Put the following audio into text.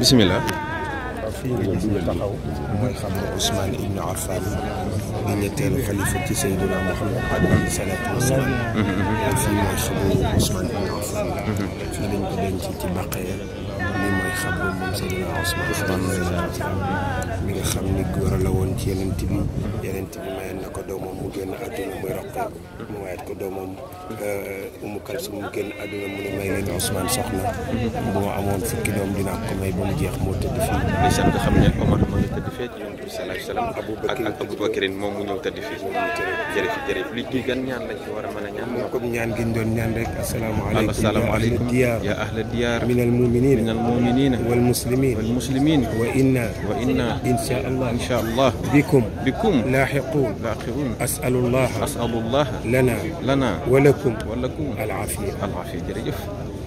بسم الله مرحبا عثمان بن عفان بن يتيم خليفة سيدنا محمد عليه الصلاة والسلام في ما يخبره عثمان بن عفان في بنت بنت تبقية لما يخبره من سيدنا عثمان عثمان بن عفان من خمني كورا لو انت يلنتبي يلنتبي ما ينكو دوما ما génn a muy roqal mu mayaat ko doomam euh, umu kalsum mu génn àdduna mu ne may leen Ousmane soxna bu ma amoon fukki doom dinaa ko may ba mu jeex moo tëdd fii xam ne Omar ci yonent bi sallallahu alayhi wa sallam ak ak Abu Bakrin moom mu ñëw tëdd fii jërëjëf jërëjëf li ci gën ñaan lañ ci war a mën a ñaan moom comme ñaan gi ñu doon ñaan rek asalaamaaleykum asalaamaaleykum ya ahla diyaar min al muminin min al muminin wal muslimin wal muslimin wa inna wa inna insha allah insha allah bikum bikum لاحقون لاحقون أسأل الله أسأل الله لنا لنا ولكم ولكم العافية العافية جريف